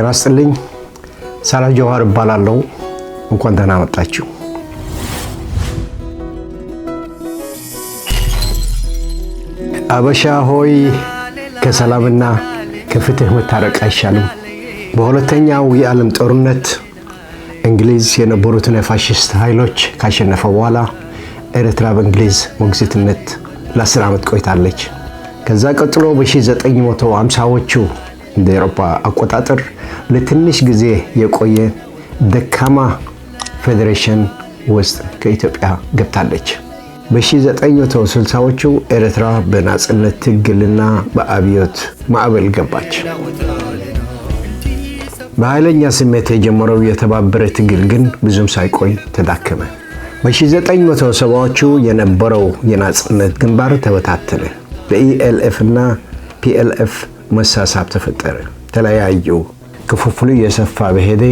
ጤና ይስጥልኝ። ሳላህ ጀዋር እባላለሁ። እንኳን ደህና መጣችሁ። አበሻ ሆይ ከሰላምና ከፍትህ መታረቅ አይሻልም? በሁለተኛው የዓለም ጦርነት እንግሊዝ የነበሩትን የፋሽስት ኃይሎች ካሸነፈ በኋላ ኤርትራ በእንግሊዝ ሞግዚትነት ለ10 ዓመት ቆይታለች። ከዛ ቀጥሎ በ1950ዎቹ እንደ ኤሮፓ አቆጣጠር ለትንሽ ጊዜ የቆየ ደካማ ፌዴሬሽን ውስጥ ከኢትዮጵያ ገብታለች። በ1960ዎቹ ኤርትራ በናጽነት ትግልና በአብዮት ማዕበል ገባች። በኃይለኛ ስሜት የጀመረው የተባበረ ትግል ግን ብዙም ሳይቆይ ተዳከመ። በ1970ዎቹ የነበረው የናጽነት ግንባር ተበታተነ። በኢኤልኤፍ እና ፒኤልኤፍ መሳሳብ ተፈጠረ፣ ተለያዩ። ክፍፍሉ የሰፋ በሄደ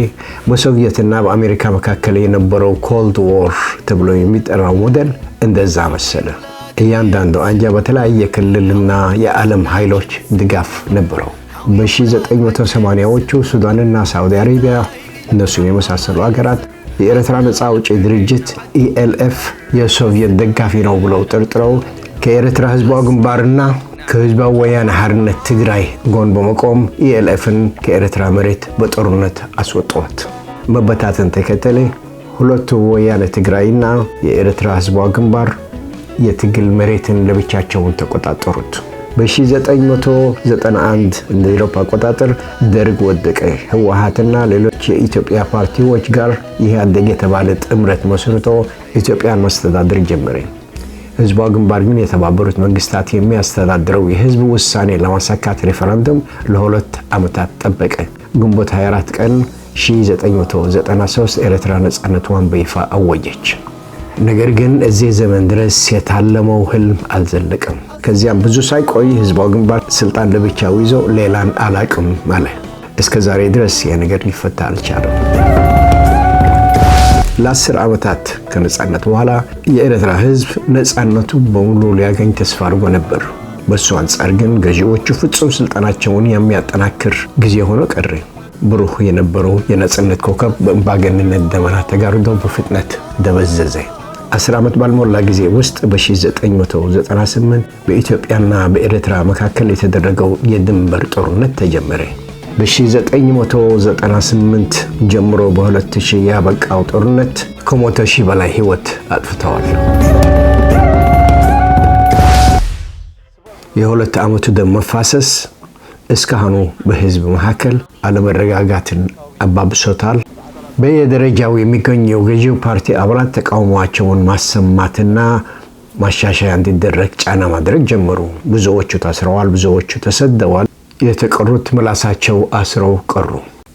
በሶቪየትና በአሜሪካ መካከል የነበረው ኮልድ ዎር ተብሎ የሚጠራው ሞዴል እንደዛ መሰለ። እያንዳንዱ አንጃ በተለያየ ክልልና የዓለም ኃይሎች ድጋፍ ነበረው። በ1980ዎቹ ሱዳንና ሳዑዲ አረቢያ እነሱም የመሳሰሉ ሀገራት የኤርትራ ነፃ አውጪ ድርጅት ኢኤልኤፍ የሶቪየት ደጋፊ ነው ብለው ጠርጥረው ከኤርትራ ህዝቧ ግንባርና ከህዝባዊ ወያነ ሓርነት ትግራይ ጎን በመቆም ኢኤልኤፍን e ከኤርትራ መሬት በጦርነት አስወጥዋት። መበታተን ተከተለ። ሁለቱ ወያነ ትግራይና የኤርትራ ህዝባዊ ግንባር የትግል መሬትን ለብቻቸውን ተቆጣጠሩት። በ1991 እንደ አውሮፓ አቆጣጠር ደርግ ወደቀ። ህወሓትና ሌሎች የኢትዮጵያ ፓርቲዎች ጋር ኢህአዴግ የተባለ ጥምረት መስርቶ ኢትዮጵያን መስተዳድር ጀመረ። ህዝቧ ግንባር ግን የተባበሩት መንግስታት የሚያስተዳድረው የህዝብ ውሳኔ ለማሳካት ሬፈረንደም ለሁለት ዓመታት ጠበቀ። ግንቦት 24 ቀን 1993 ኤርትራ ነፃነቷን በይፋ አወጀች። ነገር ግን እዚህ ዘመን ድረስ የታለመው ህልም አልዘለቀም። ከዚያም ብዙ ሳይቆይ ህዝቧ ግንባር ስልጣን ለብቻው ይዞ ሌላን አላቅም አለ። እስከ ዛሬ ድረስ የነገር ሊፈታ አልቻለም። ለአስር ዓመታት ከነፃነት በኋላ የኤርትራ ህዝብ ነፃነቱ በሙሉ ሊያገኝ ተስፋ አድርጎ ነበር። በእሱ አንጻር ግን ገዢዎቹ ፍጹም ስልጣናቸውን የሚያጠናክር ጊዜ ሆኖ ቀረ። ብሩህ የነበረው የነፃነት ኮከብ በአምባገነንነት ደመና ተጋርዶ በፍጥነት ደበዘዘ። አስር ዓመት ባልሞላ ጊዜ ውስጥ በ1998 በኢትዮጵያና በኤርትራ መካከል የተደረገው የድንበር ጦርነት ተጀመረ። በ1998 ጀምሮ በ2000 ያበቃው ጦርነት ከሞተ ሺህ በላይ ህይወት አጥፍተዋል። የሁለት ዓመቱ ደም መፋሰስ እስካሁኑ በህዝብ መካከል አለመረጋጋትን አባብሶታል። በየደረጃው የሚገኘው ገዢው ፓርቲ አባላት ተቃውሟቸውን ማሰማትና ማሻሻያ እንዲደረግ ጫና ማድረግ ጀመሩ። ብዙዎቹ ታስረዋል፣ ብዙዎቹ ተሰደዋል። የተቀሩት ምላሳቸው አስረው ቀሩ።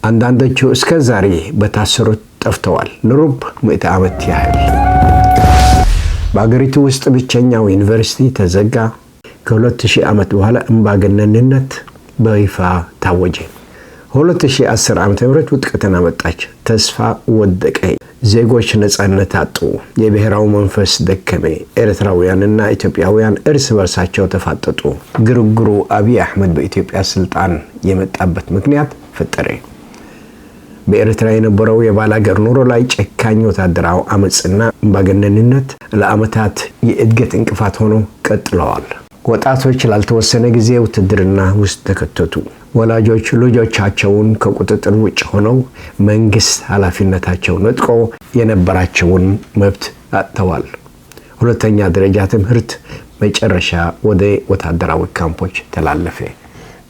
አንዳንዶቹ እስከ ዛሬ በታሰሩት ጠፍተዋል፣ ለሩብ ምዕተ ዓመት ያህል። በአገሪቱ ውስጥ ብቸኛው ዩኒቨርሲቲ ተዘጋ። ከ2000 ዓመት በኋላ እምባገነንነት በይፋ ታወጀ። በ2010 ዓ ም ውጥቀትን አመጣች። ተስፋ ወደቀ። ዜጎች ነጻነት አጡ። የብሔራዊ መንፈስ ደከመ። ኤርትራውያንና ኢትዮጵያውያን እርስ በርሳቸው ተፋጠጡ። ግርግሩ አብይ አሕመድ በኢትዮጵያ ስልጣን የመጣበት ምክንያት ፈጠረ። በኤርትራ የነበረው የባላገር ኑሮ ላይ ጨካኝ ወታደራዊ አመፅና አምባገነንነት ለአመታት የእድገት እንቅፋት ሆኖ ቀጥለዋል። ወጣቶች ላልተወሰነ ጊዜ ውትድርና ውስጥ ተከተቱ። ወላጆች ልጆቻቸውን ከቁጥጥር ውጭ ሆነው መንግስት ኃላፊነታቸው ነጥቆ የነበራቸውን መብት አጥተዋል። ሁለተኛ ደረጃ ትምህርት መጨረሻ ወደ ወታደራዊ ካምፖች ተላለፈ።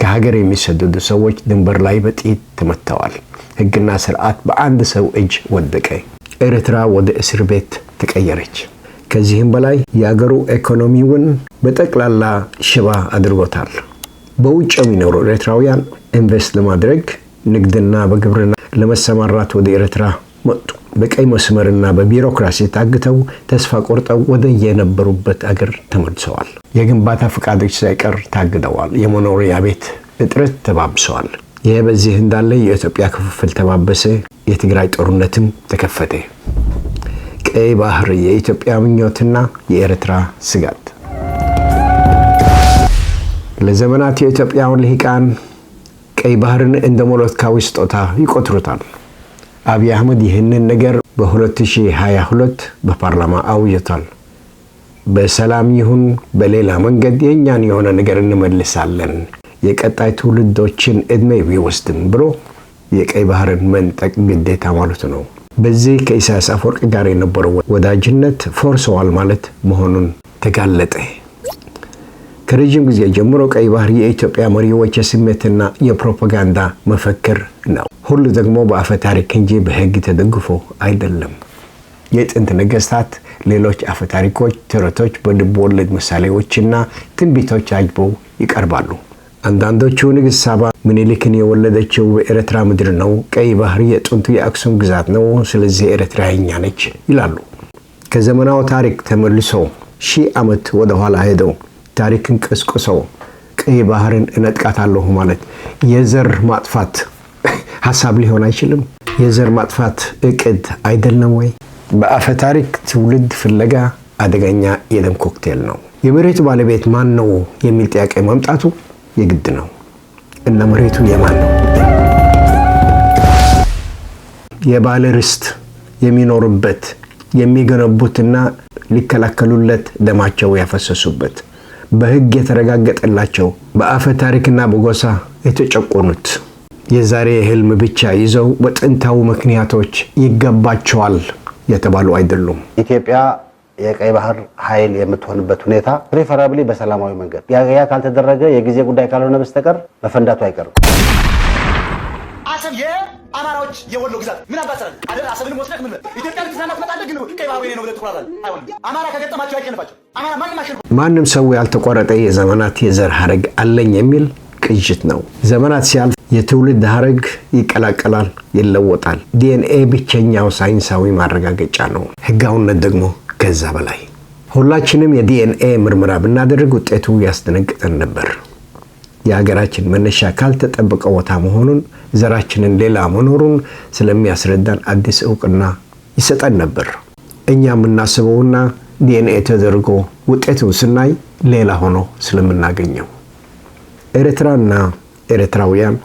ከሀገር የሚሰደዱ ሰዎች ድንበር ላይ በጥይት ተመትተዋል። ህግና ስርዓት በአንድ ሰው እጅ ወደቀ። ኤርትራ ወደ እስር ቤት ተቀየረች። ከዚህም በላይ የአገሩ ኢኮኖሚውን በጠቅላላ ሽባ አድርጎታል። በውጭ የሚኖሩ ኤርትራውያን ኢንቨስት ለማድረግ ንግድና በግብርና ለመሰማራት ወደ ኤርትራ መጡ። በቀይ መስመርና በቢሮክራሲ ታግተው ተስፋ ቆርጠው ወደ የነበሩበት አገር ተመልሰዋል። የግንባታ ፈቃዶች ሳይቀር ታግደዋል። የመኖሪያ ቤት እጥረት ተባብሰዋል። ይህ በዚህ እንዳለ የኢትዮጵያ ክፍፍል ተባበሰ። የትግራይ ጦርነትም ተከፈተ። ቀይ ባህር የኢትዮጵያ ምኞትና የኤርትራ ስጋት ለዘመናት የኢትዮጵያውን ልሂቃን ቀይ ባህርን እንደ ሞለትካዊ ስጦታ ይቆጥሩታል። አብይ አህመድ ይህንን ነገር በ2022 በፓርላማ አውጅቷል። በሰላም ይሁን በሌላ መንገድ የእኛን የሆነ ነገር እንመልሳለን፣ የቀጣይ ትውልዶችን ዕድሜ ቢወስድም ብሎ የቀይ ባህርን መንጠቅ ግዴታ ማለት ነው። በዚህ ከኢሳያስ አፈወርቅ ጋር የነበረው ወዳጅነት ፎርሰዋል ማለት መሆኑን ተጋለጠ። ከረዥም ጊዜ ጀምሮ ቀይ ባህር የኢትዮጵያ መሪዎች የስሜትና የፕሮፓጋንዳ መፈክር ነው። ሁሉ ደግሞ በአፈ ታሪክ እንጂ በሕግ ተደግፎ አይደለም። የጥንት ነገስታት፣ ሌሎች አፈ ታሪኮች፣ ተረቶች በልብ ወለድ ምሳሌዎችና ትንቢቶች አጅበው ይቀርባሉ። አንዳንዶቹ ንግሥት ሳባ ምኒልክን የወለደችው በኤርትራ ምድር ነው፣ ቀይ ባህር የጥንቱ የአክሱም ግዛት ነው፣ ስለዚህ ኤርትራ የኛ ነች ይላሉ። ከዘመናዊ ታሪክ ተመልሶ ሺህ ዓመት ወደኋላ ሄደው ታሪክን ቀስቅሰው ቀይ ባህርን እነጥቃታለሁ ማለት የዘር ማጥፋት ሀሳብ ሊሆን አይችልም። የዘር ማጥፋት እቅድ አይደለም ወይ? በአፈ ታሪክ ትውልድ ፍለጋ አደገኛ የደም ኮክቴል ነው። የመሬቱ ባለቤት ማን ነው የሚል ጥያቄ ማምጣቱ የግድ ነው። እና መሬቱ የማን ነው? የባለ ርስት የሚኖሩበት የሚገነቡትና ሊከላከሉለት ደማቸው ያፈሰሱበት በህግ የተረጋገጠላቸው በአፈ ታሪክና በጎሳ የተጨቆኑት የዛሬ ህልም ብቻ ይዘው በጥንታዊ ምክንያቶች ይገባቸዋል የተባሉ አይደሉም። ኢትዮጵያ የቀይ ባህር ኃይል የምትሆንበት ሁኔታ ፕሬፈራብሊ በሰላማዊ መንገድ ያ ካልተደረገ የጊዜ ጉዳይ ካልሆነ በስተቀር መፈንዳቱ አይቀርም። አማራዎች የወሎ ግዛት ምን አባሰራል አይደል? አሰብን ወስደህ ምን ኢትዮጵያ ልትሰማ ትመጣለህ። ግን ቀይ ባህዌ ነው ብለህ ትኩራታል። አይሆንም። አማራ ከገጠማቸው አይሸንፋቸው። አማራ ማንም አሸንፋ ማንም ሰው ያልተቆረጠ የዘመናት የዘር ሀረግ አለኝ የሚል ቅዥት ነው። ዘመናት ሲያልፍ የትውልድ ሀረግ ይቀላቀላል፣ ይለወጣል። ዲኤንኤ ብቸኛው ሳይንሳዊ ማረጋገጫ ነው። ህጋዊነት ደግሞ ከዛ በላይ። ሁላችንም የዲኤንኤ ምርመራ ብናደርግ ውጤቱ ያስደነግጠን ነበር። የሀገራችን መነሻ ካልተጠበቀ ቦታ መሆኑን ዘራችንን ሌላ መኖሩን ስለሚያስረዳን አዲስ እውቅና ይሰጠን ነበር። እኛ የምናስበውና ዲኤንኤ ተደርጎ ውጤቱን ስናይ ሌላ ሆኖ ስለምናገኘው ኤርትራና ኤርትራውያን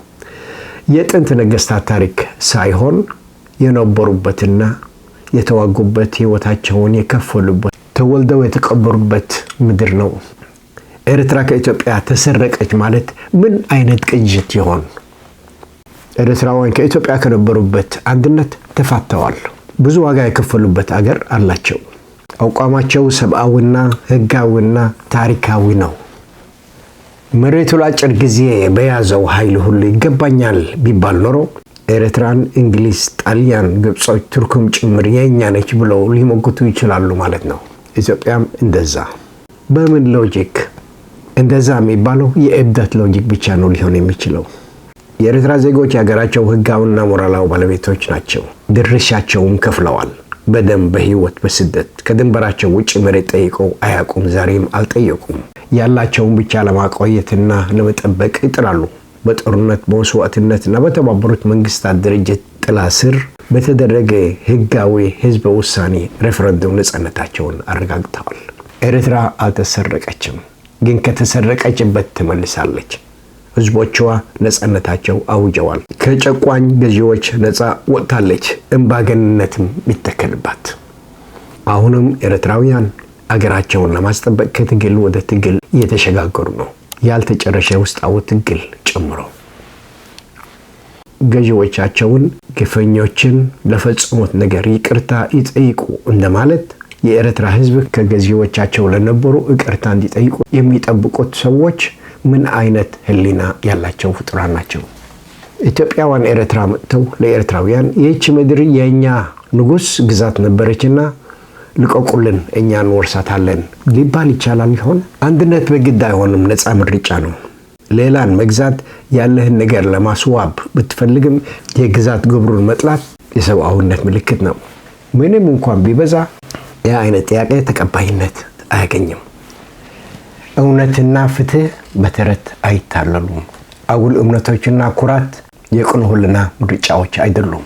የጥንት ነገስታት ታሪክ ሳይሆን የነበሩበትና የተዋጉበት ሕይወታቸውን የከፈሉበት ተወልደው የተቀበሩበት ምድር ነው። ኤርትራ ከኢትዮጵያ ተሰረቀች ማለት ምን አይነት ቅንጅት ይሆን? ኤርትራውያን ከኢትዮጵያ ከነበሩበት አንድነት ተፋተዋል። ብዙ ዋጋ የከፈሉበት አገር አላቸው። አቋማቸው ሰብአዊና ህጋዊና ታሪካዊ ነው። መሬቱ ለአጭር ጊዜ በያዘው ኃይል ሁሉ ይገባኛል ቢባል ኖሮ ኤርትራን እንግሊዝ፣ ጣሊያን፣ ግብጾች፣ ቱርኩም ጭምር የእኛ ነች ብለው ሊሞግቱ ይችላሉ ማለት ነው። ኢትዮጵያም እንደዛ በምን ሎጂክ እንደዛ የሚባለው የእብደት ሎጂክ ብቻ ነው ሊሆን የሚችለው። የኤርትራ ዜጎች የሀገራቸው ህጋዊና ሞራላዊ ባለቤቶች ናቸው። ድርሻቸውም ከፍለዋል። በደም በህይወት፣ በስደት ከድንበራቸው ውጭ መሬት ጠይቀው አያውቁም። ዛሬም አልጠየቁም። ያላቸውን ብቻ ለማቆየትና ለመጠበቅ ይጥራሉ። በጦርነት በመስዋዕትነትና በተባበሩት መንግስታት ድርጅት ጥላ ስር በተደረገ ህጋዊ ህዝበ ውሳኔ ሬፈረንደም ነፃነታቸውን አረጋግጠዋል። ኤርትራ አልተሰረቀችም። ግን ከተሰረቀችበት ትመልሳለች። ህዝቦቿ ነፃነታቸው አውጀዋል። ከጨቋኝ ገዢዎች ነፃ ወጥታለች። እምባገንነትም ይተከልባት። አሁንም ኤርትራውያን አገራቸውን ለማስጠበቅ ከትግል ወደ ትግል እየተሸጋገሩ ነው። ያልተጨረሸ ውስጣዊ ትግል ጨምሮ ገዢዎቻቸውን ግፈኞችን ለፈጸሙት ነገር ይቅርታ ይጠይቁ እንደማለት የኤርትራ ህዝብ ከገዢዎቻቸው ለነበሩ ይቅርታ እንዲጠይቁ የሚጠብቁት ሰዎች ምን አይነት ህሊና ያላቸው ፍጡራን ናቸው? ኢትዮጵያውያን ኤርትራ መጥተው ለኤርትራውያን ይህች ምድር የእኛ ንጉሥ ግዛት ነበረችና ልቀቁልን፣ እኛ እንወርሳታለን ሊባል ይቻላል ይሆን? አንድነት በግድ አይሆንም፣ ነፃ ምርጫ ነው። ሌላን መግዛት ያለህን ነገር ለማስዋብ ብትፈልግም የግዛት ግብሩን መጥላት የሰብአዊነት ምልክት ነው። ምንም እንኳን ቢበዛ ያ አይነት ጥያቄ ተቀባይነት አያገኝም። እውነትና ፍትህ በተረት አይታለሉም። አጉል እምነቶችና ኩራት የቅንሁልና ምርጫዎች አይደሉም።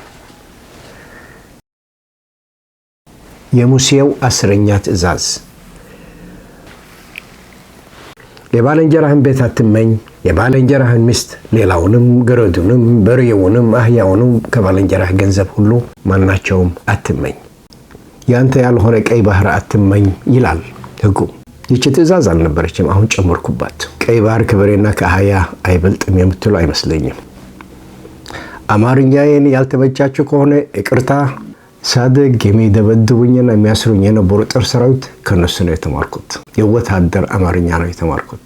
የሙሴው አስረኛ ትእዛዝ የባለንጀራህን ቤት አትመኝ፣ የባለንጀራህን ሚስት፣ ሌላውንም፣ ገረዱንም፣ በሬውንም፣ አህያውንም ከባለንጀራህ ገንዘብ ሁሉ ማናቸውም አትመኝ። ያንተ ያልሆነ ቀይ ባህር አትመኝ ይላል ህጉ። ይቺ ትእዛዝ አልነበረችም፣ አሁን ጨመርኩባት። ቀይ ባህር ከበሬና ከአህያ አይበልጥም የምትሉ አይመስለኝም። አማርኛዬን ያልተመቻችሁ ከሆነ ይቅርታ። ሳደግ የሚደበድቡኝና የሚያስሩኝ የነበሩ ጦር ሰራዊት ከነሱ ነው የተማርኩት። የወታደር አማርኛ ነው የተማርኩት።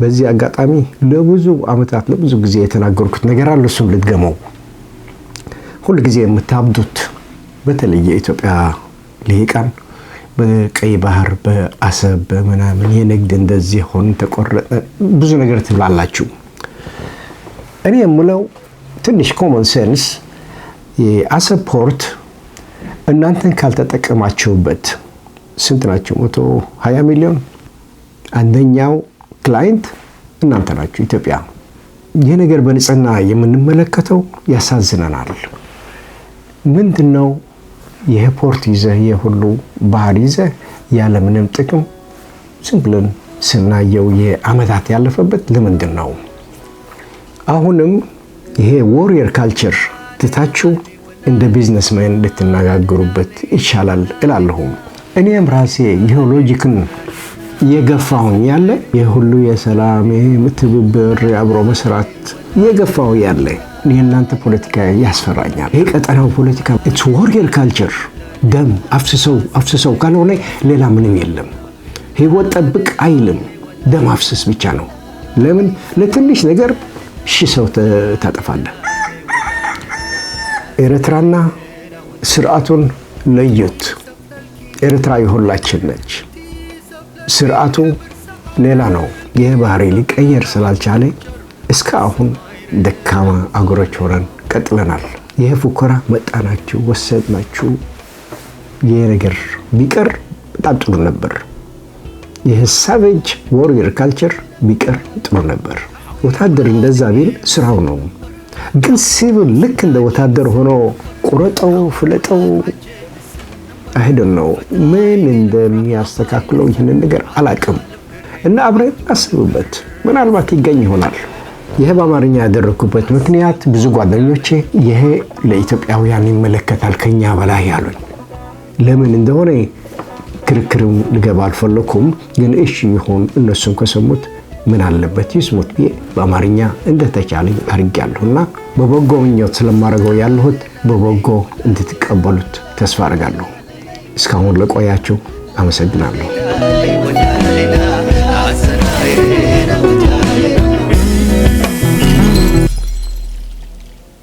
በዚህ አጋጣሚ ለብዙ ዓመታት ለብዙ ጊዜ የተናገርኩት ነገር አለ። እሱም ልድገመው። ሁል ጊዜ የምታብዱት በተለይ የኢትዮጵያ ሊቃን በቀይ ባህር በአሰብ በምናምን የንግድ እንደዚህ ሆን ተቆረጠ ብዙ ነገር ትብላላችሁ። እኔ የምለው ትንሽ ኮመን ሴንስ የአሰብ ፖርት እናንተን ካልተጠቀማችሁበት ስንት ናቸው? መቶ ሀያ ሚሊዮን አንደኛው ክላይንት እናንተ ናችሁ ኢትዮጵያ። ይህ ነገር በንጽህና የምንመለከተው ያሳዝነናል። ምንድን ነው የፖርት ይዘህ የሁሉ ባህር ይዘህ ያለምንም ጥቅም ዝም ብለን ስናየው የአመታት ያለፈበት ለምንድን ነው? አሁንም ይሄ ወሪየር ካልቸር ትታችሁ እንደ ቢዝነስመን ልትነጋገሩበት ይቻላል እላለሁ። እኔም ራሴ ይህ ሎጂክን ያለ የሁሉ የሰላም ትብብር፣ አብሮ መስራት የገፋው ያለ የእናንተ እናንተ ፖለቲካ ያስፈራኛል። ይህ ቀጠናው ፖለቲካ ኢትስ ካልቸር። ደም አፍስሰው አፍስሰው ካልሆነ ሌላ ምንም የለም። ህይወት ጠብቅ አይልም። ደም አፍስስ ብቻ ነው። ለምን ለትንሽ ነገር ሺ ሰው ታጠፋለህ? ኤርትራና ስርዓቱን ለዩት። ኤርትራ የሁላችን ነች። ስርዓቱ ሌላ ነው። የባህሪ ሊቀየር ስላልቻለ እስከ አሁን ደካማ አገሮች ሆነን ቀጥለናል። ይህ ፉከራ መጣናችሁ ወሰድናችሁ፣ ይህ ነገር ቢቀር በጣም ጥሩ ነበር። ይህ ሳቬጅ ወሪየር ካልቸር ቢቀር ጥሩ ነበር። ወታደር እንደዛ ቢል ስራው ነው። ግን ሲቪል ልክ እንደ ወታደር ሆኖ ቁረጠው፣ ፍለጠው አይደን ነው። ምን እንደሚያስተካክለው ይህንን ነገር አላቅም እና አብረን አስብበት። ምናልባት ይገኝ ይሆናል። ይሄ በአማርኛ ያደረግኩበት ምክንያት ብዙ ጓደኞቼ ይሄ ለኢትዮጵያውያን ይመለከታል ከኛ በላይ ያሉኝ ለምን እንደሆነ ክርክርም ልገባ አልፈለኩም። ግን እሺ ይሁን እነሱም ከሰሙት ምን አለበት ይስሙት ብዬ በአማርኛ እንደተቻለኝ አድርጌያለሁ እና በበጎ ምኞት ስለማደርገው ያለሁት በበጎ እንድትቀበሉት ተስፋ አድርጋለሁ። እስካሁን ለቆያችሁ አመሰግናለሁ።